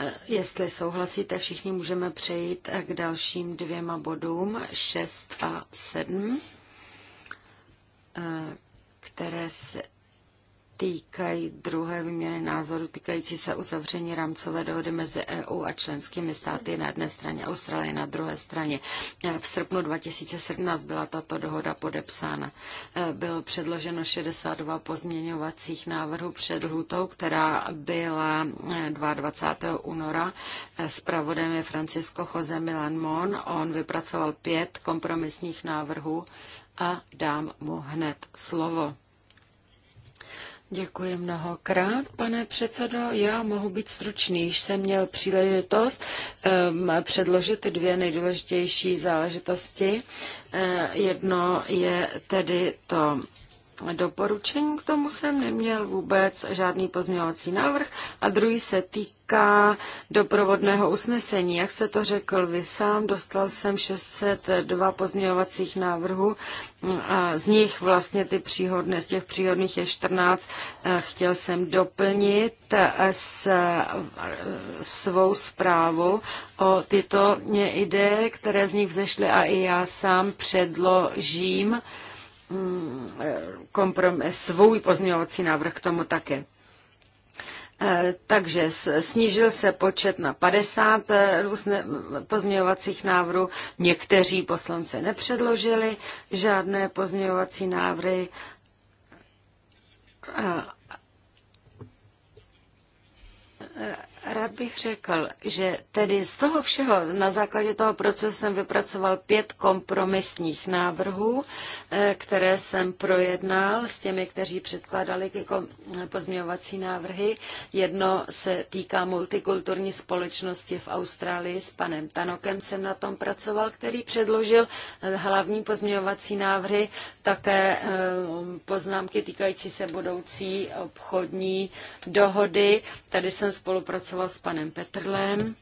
[SPEAKER 2] E, jestli souhlasíte, všichni můžeme přejít e, k dalším dvěma bodům 6 a 7, e, které se týkají druhé výměny názoru týkající se uzavření rámcové dohody mezi EU a členskými státy na jedné straně Austrálie na druhé straně. E, v srpnu 2017 byla tato dohoda podepsána. E, bylo předloženo 62 pozměňovacích návrhů před lhutou, která byla 22. E, února. Spravodajem je Francisco Jose Milan Mon. On vypracoval pět kompromisních návrhů a dám mu hned slovo. Děkuji mnohokrát, pane předsedo. Já mohu být stručný, již jsem měl příležitost um, předložit dvě nejdůležitější záležitosti. Uh, jedno je tedy to doporučení, k tomu jsem neměl vůbec žádný pozměňovací návrh. A druhý se týká doprovodného usnesení. Jak jste to řekl vy sám, dostal jsem 602 pozměňovacích návrhů a z nich vlastně ty příhodné, z těch příhodných je 14. Eh, chtěl jsem doplnit eh, s, eh, svou zprávu o tyto ideje, které z nich vzešly a i já sám předložím Mm, kompromis, svůj pozměňovací návrh k tomu také. E, takže snížil se počet na 50 e, různé pozměňovacích návrhů. Někteří poslanci nepředložili žádné pozměňovací návrhy. Rád bych řekl, že tedy z toho všeho, na základě toho procesu jsem vypracoval pět kompromisních návrhů, eh, které jsem projednal s těmi, kteří předkládali pozměňovací návrhy. Jedno se týká multikulturní společnosti v Austrálii. S panem Tanokem jsem na tom pracoval, který předložil eh, hlavní pozměňovací návrhy, také eh, poznámky týkající se budoucí obchodní dohody. Tady jsem spolupracoval s panem Petrlem,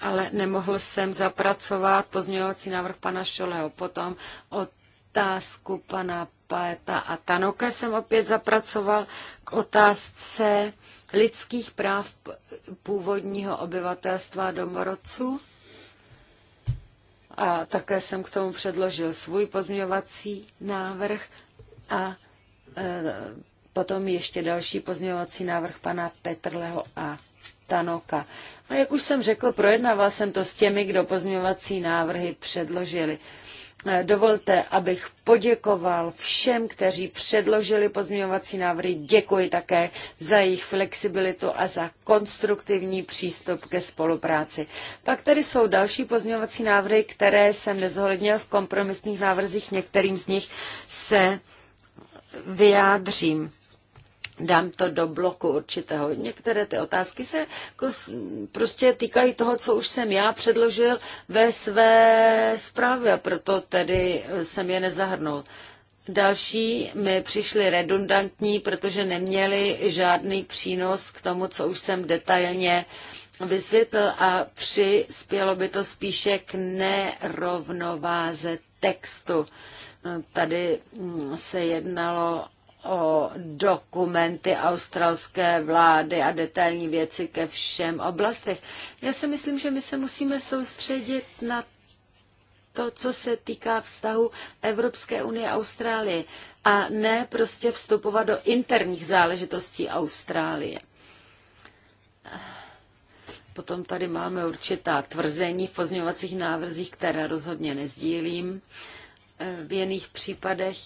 [SPEAKER 2] ale nemohl jsem zapracovat pozměňovací návrh pana Šoleho. Potom otázku pana Paeta a Tanoka jsem opět zapracoval k otázce lidských práv původního obyvatelstva domorodců. A také jsem k tomu předložil svůj pozměňovací návrh a e, potom ještě další pozměňovací návrh pana Petrleho a Tanoka. A jak už jsem řekl, projednával jsem to s těmi, kdo pozměňovací návrhy předložili. Eh, dovolte, abych poděkoval všem, kteří předložili pozměňovací návrhy. Děkuji také za jejich flexibilitu a za konstruktivní přístup ke spolupráci. Pak tady jsou další pozměňovací návrhy, které jsem nezohlednil v kompromisních návrzích. Některým z nich se vyjádřím dám to do bloku určitého. Některé ty otázky se prostě týkají toho, co už jsem já předložil ve své zprávě, proto tedy jsem je nezahrnul. Další mi přišly redundantní, protože neměli žádný přínos k tomu, co už jsem detailně vysvětlil a přispělo by to spíše k nerovnováze textu. Tady mm, se jednalo o dokumenty australské vlády a detailní věci ke všem oblastech. Já si myslím, že my se musíme soustředit na to, co se týká vztahu Evropské unie a Austrálie a ne prostě vstupovat do interních záležitostí Austrálie. Potom tady máme určitá tvrzení v pozměňovacích návrzích, které rozhodně nezdílím. V jiných případech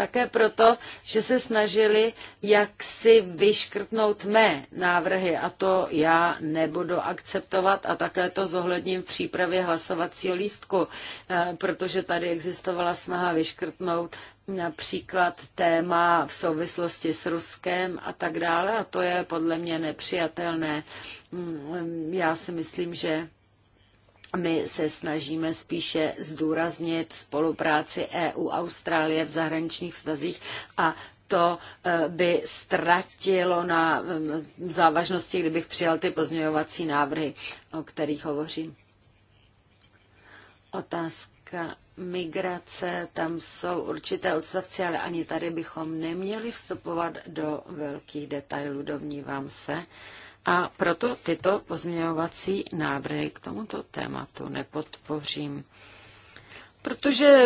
[SPEAKER 2] také proto, že se snažili jaksi vyškrtnout mé návrhy a to já nebudu akceptovat a také to zohledním v přípravě hlasovacího lístku, eh, protože tady existovala snaha vyškrtnout například téma v souvislosti s Ruskem a tak dále a to je podle mě nepřijatelné. Mm, já si myslím, že my se snažíme spíše zdůraznit spolupráci EU-Austrálie v zahraničních vztazích a to eh, by ztratilo na mm, závažnosti, kdybych přijal ty pozměňovací návrhy, o kterých hovořím. Otázka migrace, tam jsou určité odstavce, ale ani tady bychom neměli vstupovat do velkých detailů, domnívám se. Uh, a proto tyto pozměňovací návrhy k tomuto tématu nepodpořím protože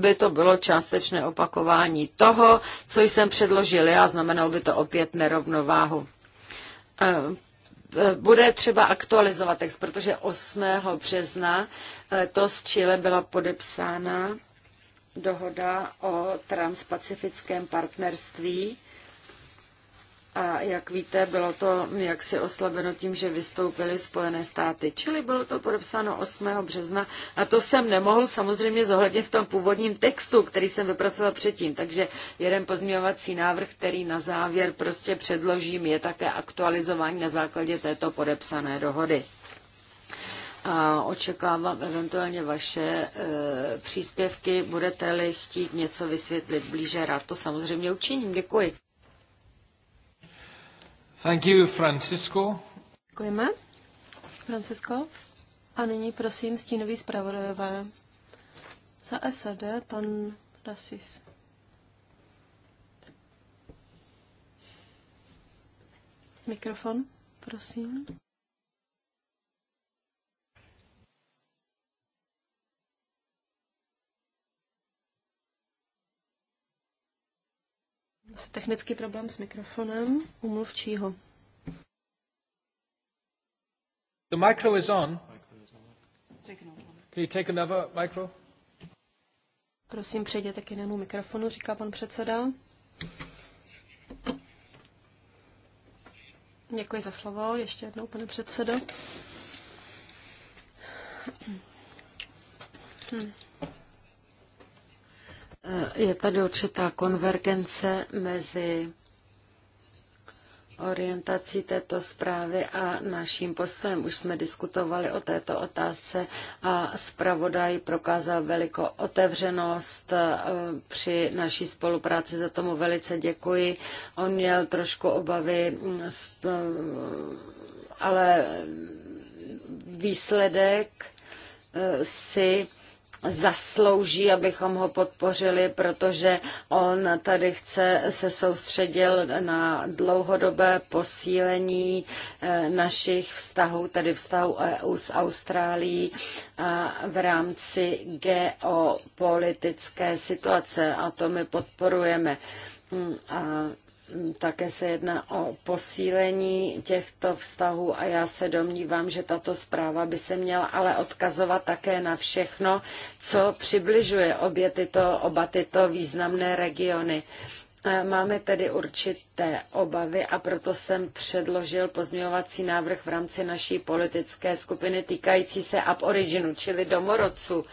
[SPEAKER 2] by to bylo částečné opakování toho, co jsem předložil já, znamenalo by to opět nerovnováhu. Eh, eh, bude třeba aktualizovat text, protože 8. března eh, to z Chile byla podepsána dohoda o transpacifickém partnerství a jak víte, bylo to jaksi oslabeno tím, že vystoupily Spojené státy. Čili bylo to podepsáno 8. března a to jsem nemohl samozřejmě zohlednit v tom původním textu, který jsem vypracoval předtím. Takže jeden pozměňovací návrh, který na závěr prostě předložím, je také aktualizování na základě této podepsané dohody. A očekávám eventuálně vaše e, příspěvky. Budete-li chtít něco vysvětlit blíže, rád to samozřejmě učiním. Děkuji.
[SPEAKER 1] Thank you, Francisco.
[SPEAKER 4] Děkujeme, Francisco. A nyní prosím stínový zpravodajové za SED, pan Rasis. Mikrofon, prosím. technický problém s mikrofonem u mluvčího.
[SPEAKER 1] The micro is on. Can you take another micro?
[SPEAKER 4] Prosím, přejděte k jinému mikrofonu, říká pan předseda. Děkuji za slovo, ještě jednou, pane předsedo. Hm.
[SPEAKER 2] Eh, je tady určitá konvergence mezi orientací této zprávy a naším postojem. Už jsme diskutovali o této otázce a zpravodaj prokázal velikou otevřenost eh, při naší spolupráci. Za tomu velice děkuji. On měl trošku obavy, mm, eh, ale výsledek si zaslouží, abychom ho podpořili, protože on tady chce se soustředil na dlouhodobé posílení eh, našich vztahů, tedy vztahů EU s Austrálií v rámci geopolitické situace a to my podporujeme. Mm, a také se jedná o posílení těchto vztahů a já se domnívám, že tato zpráva by se měla ale odkazovat také na všechno, co přibližuje obě tyto, oba tyto významné regiony. Máme tedy určité obavy a proto jsem předložil pozměňovací návrh v rámci naší politické skupiny týkající se Up Originu, čili domorodců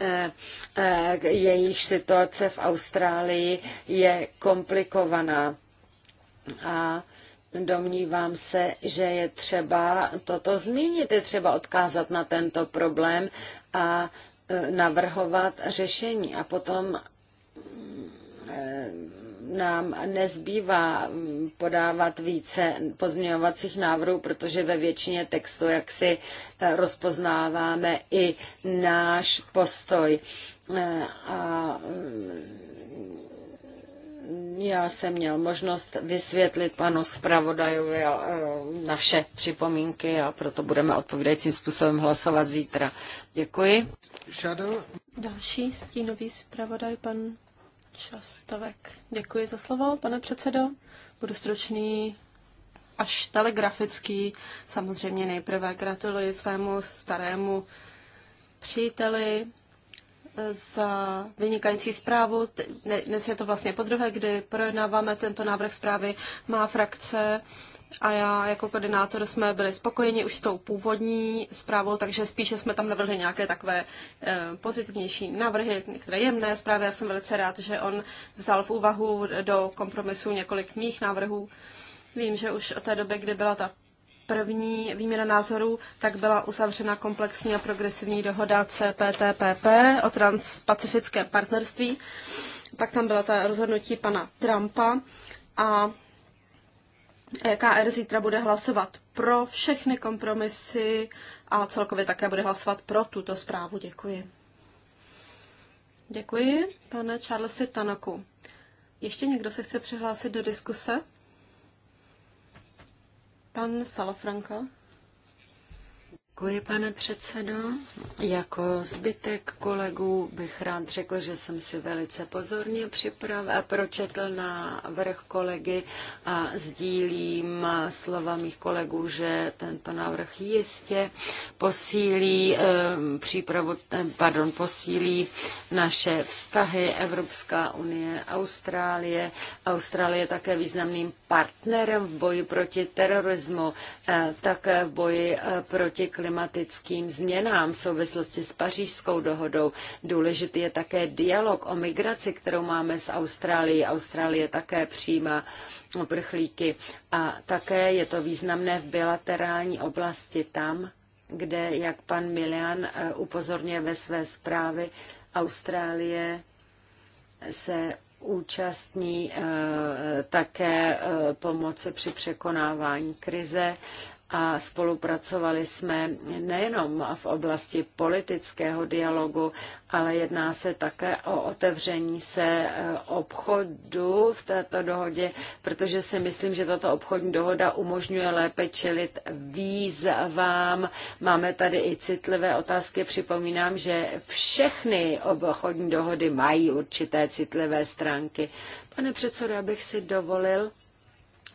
[SPEAKER 2] eh, eh, jejich situace v Austrálii je komplikovaná. A Domnívám se, že je třeba toto zmínit, je třeba odkázat na tento problém a e, navrhovat řešení. A potom e, nám nezbývá podávat více pozměňovacích návrhů, protože ve většině textu, jak si e, rozpoznáváme, i náš postoj. A já jsem měl možnost vysvětlit panu zpravodajovi eh, naše připomínky a proto budeme odpovídajícím způsobem hlasovat zítra. Děkuji. Shadow.
[SPEAKER 4] Další stínový zpravodaj, pan Častovek. Děkuji za slovo, pane předsedo. Budu stručný až telegrafický. Samozřejmě nejprve gratuluji svému starému příteli za vynikající zprávu. Dnes je to vlastně podruhé, kdy projednáváme tento návrh zprávy. Má frakce a já jako koordinátor jsme byli spokojeni už s tou původní zprávou, takže spíše jsme tam navrhli nějaké takové eh, pozitivnější návrhy, některé jemné zprávy. Já jsem velice rád, že on vzal v úvahu do kompromisu několik mých návrhů. Vím, že už od té doby, kdy byla ta První výměna názorů tak byla uzavřena komplexní a progresivní dohoda CPTPP o transpacifické partnerství. Pak tam byla ta rozhodnutí pana Trumpa a e KR zítra bude hlasovat pro všechny kompromisy a celkově také bude hlasovat pro tuto zprávu. Děkuji. Děkuji, pane Charlesi Tanaku. Ještě někdo se chce přihlásit do diskuse? Pan Salafranka. Děkuji, pane předsedo.
[SPEAKER 2] Jako zbytek kolegů bych rád řekl, že jsem si velice pozorně připravil a pročetl na vrch kolegy a sdílím slova mých kolegů, že tento návrh jistě posílí ehm, přípravu, eh, pardon, posílí naše vztahy Evropská unie, Austrálie. Austrálie je také významným partnerem v boji proti terorismu, eh, také v boji eh, proti klimatu klimatickým změnám v souvislosti s pařížskou dohodou. Důležitý je také dialog o migraci, kterou máme s Austrálií. Austrálie také přijímá uprchlíky a také je to významné v bilaterální oblasti tam, kde, jak pan Milian eh, upozorňuje ve své zprávě, Austrálie se účastní eh, také eh, pomoci při překonávání krize a spolupracovali jsme nejenom v oblasti politického dialogu, ale jedná se také o otevření se eh, obchodu v této dohodě, protože si myslím, že tato obchodní dohoda umožňuje lépe čelit výzvám. Máme tady i citlivé otázky. Připomínám, že všechny obchodní dohody mají určité citlivé stránky. Pane předsedo, já bych si dovolil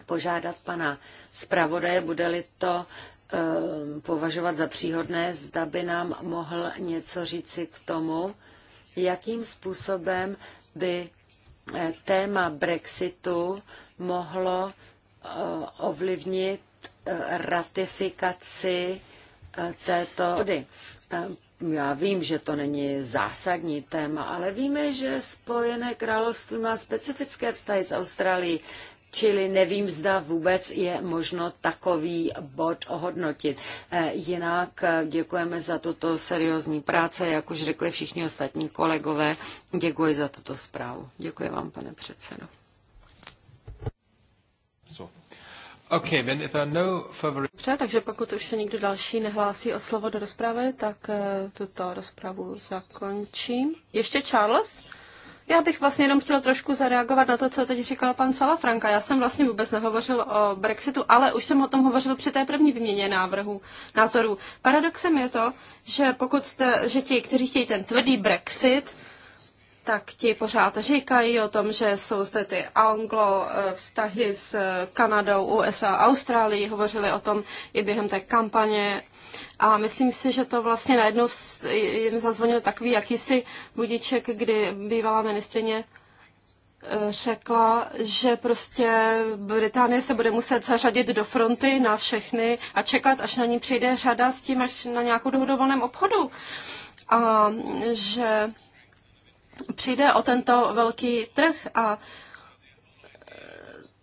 [SPEAKER 2] požádat pana zpravodaje, bude-li to ehm, považovat za příhodné, zda by nám mohl něco říci k tomu, jakým způsobem by eh, téma Brexitu mohlo eh, ovlivnit eh, ratifikaci této dohody. Ehm, já vím, že to není zásadní téma, ale víme, že Spojené království má specifické vztahy s Austrálií. Čili nevím, zda vůbec je možno takový bod ohodnotit. Eh, jinak eh, děkujeme za tuto seriózní práce, jak už řekli všichni ostatní kolegové. Děkuji za tuto zprávu. Děkuji vám, pane
[SPEAKER 1] předsedo. So. Okay, then if there are no further...
[SPEAKER 4] Dobře, takže pokud už se někdo další nehlásí o slovo do rozpravy, tak eh, tuto rozpravu zakončím. Ještě Charles? Já bych vlastně jenom chtěla trošku zareagovat na to, co teď říkal pan Salafranka. Já jsem vlastně vůbec nehovořil o Brexitu, ale už jsem o tom hovořil při té první výměně návrhu, názorů. Paradoxem je to, že pokud jste, že ti, kteří chtějí ten tvrdý Brexit, tak ti pořád říkají o tom, že jsou zde ty anglo eh, vztahy s eh, Kanadou, USA a Austrálií, hovořili o tom i během té kampaně. A myslím si, že to vlastně najednou jim zazvonil takový jakýsi budiček, kdy bývalá ministrině eh, řekla, že prostě Británie se bude muset zařadit do fronty na všechny a čekat, až na ní přijde řada s tím, až na nějakou dohodu obchodu. A že přijde o tento velký trh a e,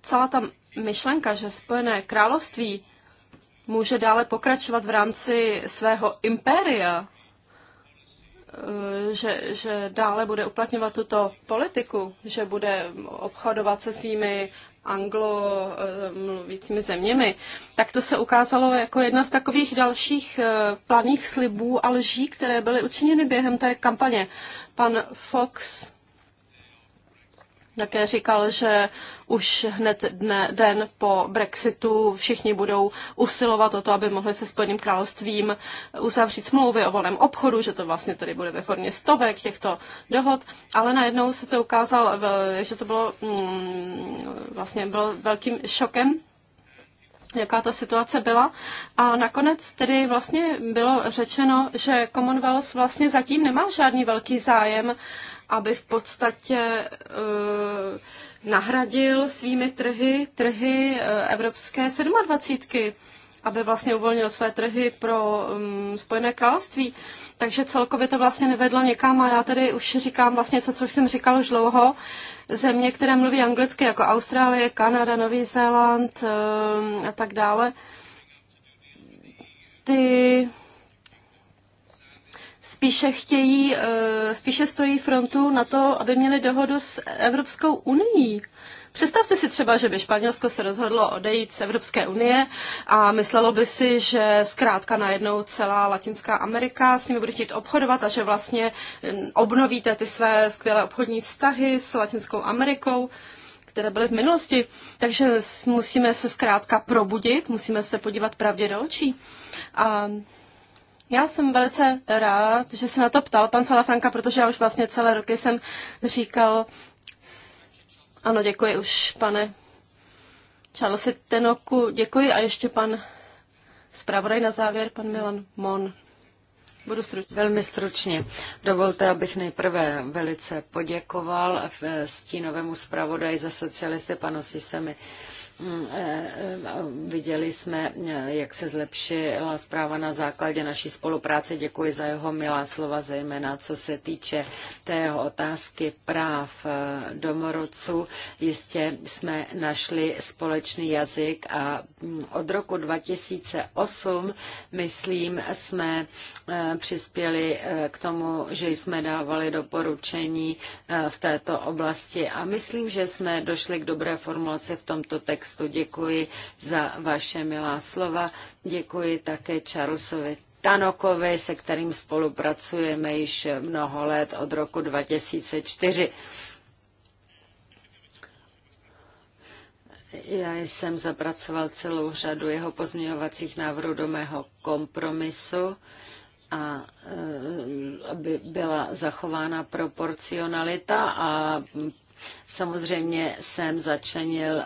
[SPEAKER 4] celá ta myšlenka, že Spojené království může dále pokračovat v rámci svého impéria, e, že, že dále bude uplatňovat tuto politiku, že bude obchodovat se svými anglo eh, mluvícími zeměmi, tak to se ukázalo jako jedna z takových dalších eh, planých slibů a lží, které byly učiněny během té kampaně. Pan Fox také říkal, že už hned dne, den po Brexitu všichni budou usilovat o to, aby mohli se Spojeným královstvím uzavřít smlouvy o volném obchodu, že to vlastně tady bude ve formě stovek těchto dohod, ale najednou se to ukázalo, že to bylo mm, vlastně bylo velkým šokem jaká ta situace byla. A nakonec tedy vlastně bylo řečeno, že Commonwealth vlastně zatím nemá žádný velký zájem aby v podstatě eh, nahradil svými trhy trhy eh, evropské 27, aby vlastně uvolnil své trhy pro um, Spojené království. Takže celkově to vlastně nevedlo někam a já tady už říkám vlastně to, co jsem říkal už dlouho. Země, které mluví anglicky, jako Austrálie, Kanada, Nový Zéland um, a tak dále, ty spíše chtějí, eh, spíše stojí frontu na to, aby měli dohodu s Evropskou unii. Představte si třeba, že by Španělsko se rozhodlo odejít z Evropské unie a myslelo by si, že zkrátka najednou celá Latinská Amerika s nimi bude chtít obchodovat a že vlastně eh, obnovíte ty své skvělé obchodní vztahy s Latinskou Amerikou které byly v minulosti. Takže musíme se zkrátka probudit, musíme se podívat pravdě do očí. A já jsem velice rád, že se na to ptal pan Salafranka, protože já už vlastně celé roky jsem říkal, ano, děkuji už, pane Charlesi Tenoku, děkuji a ještě pan zpravodaj na závěr, pan Milan
[SPEAKER 2] Mon. Budu stručně. Velmi stručně. Dovolte, abych nejprve velice poděkoval eh, stínovému zpravodaji za socialisty panu Sisemi Mm, eh, eh, viděli jsme, eh, jak se zlepšila zpráva na základě naší spolupráce. Děkuji za jeho milá slova, zejména co se týče té otázky práv domorodců. Jistě jsme našli společný jazyk a mm, od roku 2008, myslím, jsme přispěli k tomu, že jsme dávali doporučení v této oblasti a myslím, že jsme došli k dobré formulaci v tomto textu textu. Děkuji za vaše milá slova. Děkuji také Charlesovi Tanokovi, se kterým spolupracujeme již mnoho let od roku 2004. Já jsem zapracoval celou řadu jeho pozměňovacích návrhů do mého kompromisu a e, aby byla zachována proporcionalita a Samozřejmě jsem začlenil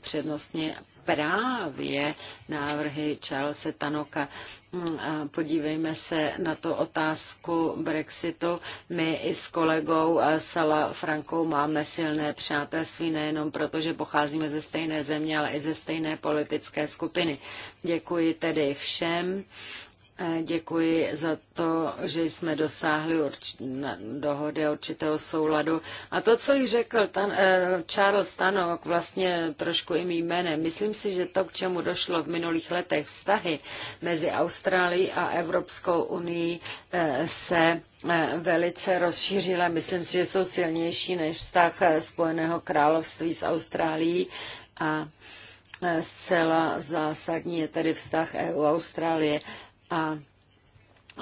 [SPEAKER 2] přednostně právě návrhy Charlesa Tanoka. Mm, podívejme se na to otázku Brexitu. My i s kolegou eh, Sala Frankou máme silné přátelství, nejenom proto, že pocházíme ze stejné země, ale i ze stejné politické skupiny. Děkuji tedy všem Eh, děkuji za to, že jsme dosáhli urč- dohody určitého souladu. A to, co jí řekl tan- eh, Charles Tanok, vlastně trošku i mým jménem, myslím si, že to, k čemu došlo v minulých letech vztahy mezi Austrálií a Evropskou unii, eh, se velice rozšířila. Myslím si, že jsou silnější než vztah Spojeného království s Austrálií. A zcela zásadní je tedy vztah EU-Austrálie. A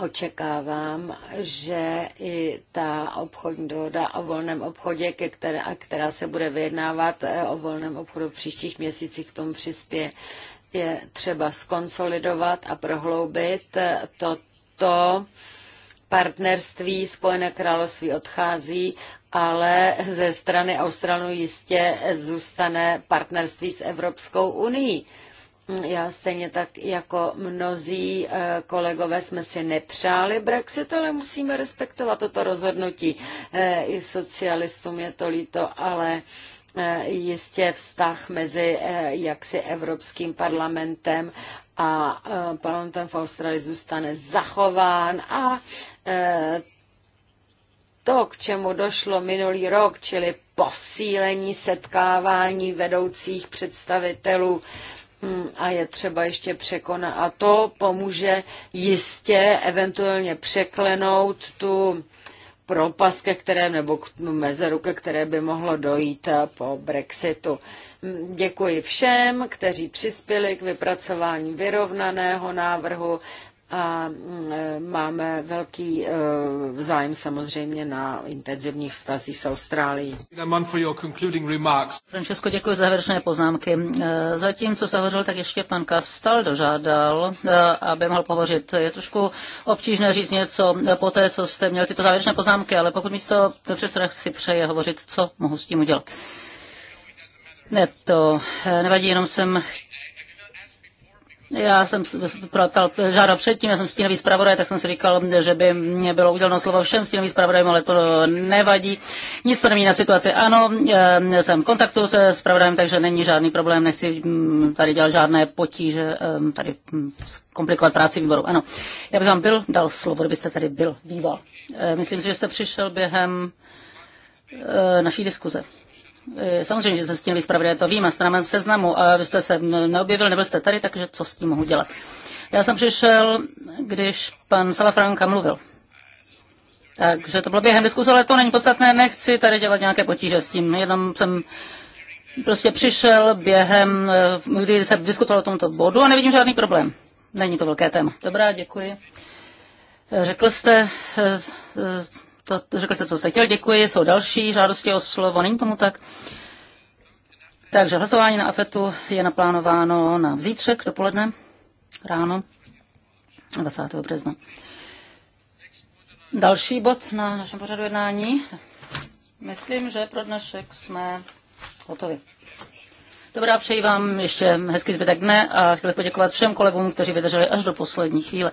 [SPEAKER 2] očekávám, že i ta obchodní dohoda o volném obchodě, která, která se bude vyjednávat eh, o volném obchodu v příštích měsících, k tomu přispěje, je třeba skonsolidovat a prohloubit eh, toto partnerství Spojené království odchází, ale ze strany Australu jistě zůstane partnerství s Evropskou unii. Já stejně tak jako mnozí eh, kolegové jsme si nepřáli Brexit, ale musíme respektovat toto rozhodnutí. Eh, I socialistům je to líto, ale eh, jistě vztah mezi jaksi Evropským parlamentem a parlamentem v Australii zůstane zachován a to, k čemu došlo minulý rok, čili posílení setkávání vedoucích představitelů Hmm, a je třeba ještě překonat. A to pomůže jistě eventuálně překlenout tu propast, ke které, nebo k mezeru, ke které by mohlo dojít eh, po Brexitu. Hmm, děkuji všem, kteří přispěli k vypracování vyrovnaného návrhu a mm, e, máme velký e, zájem samozřejmě na intenzivních vztazích s Austrálií.
[SPEAKER 3] Francesco, děkuji za závěrečné poznámky. E, zatím, co se hovořil, tak ještě pan Kastal dožádal, aby mohl pohořit. Je trošku obtížné říct něco po té, co jste měl tyto závěrečné poznámky, ale pokud místo předseda si přeje hovořit, co mohu s tím udělat? Ne, to nevadí, jenom jsem já jsem protal žádal předtím, já jsem stínový zpravodaj, tak jsem si říkal, že by mě bylo uděleno slovo všem stínovým zpravodajům, ale to nevadí. Nic to nemění na situaci. Ano, jsem v kontaktu se zpravodajem, takže není žádný problém, nechci mm, tady dělat žádné potíže, tady mm, komplikovat práci výboru. Ano, já bych vám byl, dal slovo, kdybyste tady byl, býval. Myslím si, že jste přišel během eh, naší diskuze. Eh, samozřejmě, že se s tím vyspravili, to vím, a jste na mém seznamu, a vy jste se neobjevil, nebyl jste tady, takže co s tím mohu dělat? Já jsem přišel, když pan Salafranka mluvil. Takže to bylo během diskuse, ale to není podstatné, nechci tady dělat nějaké potíže s tím, jenom jsem prostě přišel během, eh, kdy se diskutovalo o tomto bodu a nevidím žádný problém. Není to velké téma. Dobrá, děkuji. Eh, řekl jste to, řekl jste, co jste chtěl, děkuji, jsou další žádosti o slovo, není tomu tak. Takže hlasování na AFETu je naplánováno na zítřek dopoledne, ráno, 20. března. Další bod na našem pořadu jednání. Myslím, že pro dnešek jsme hotovi. Dobrá, přeji vám ještě hezký zbytek dne a chtěl bych poděkovat všem kolegům, kteří vydrželi až do poslední chvíle.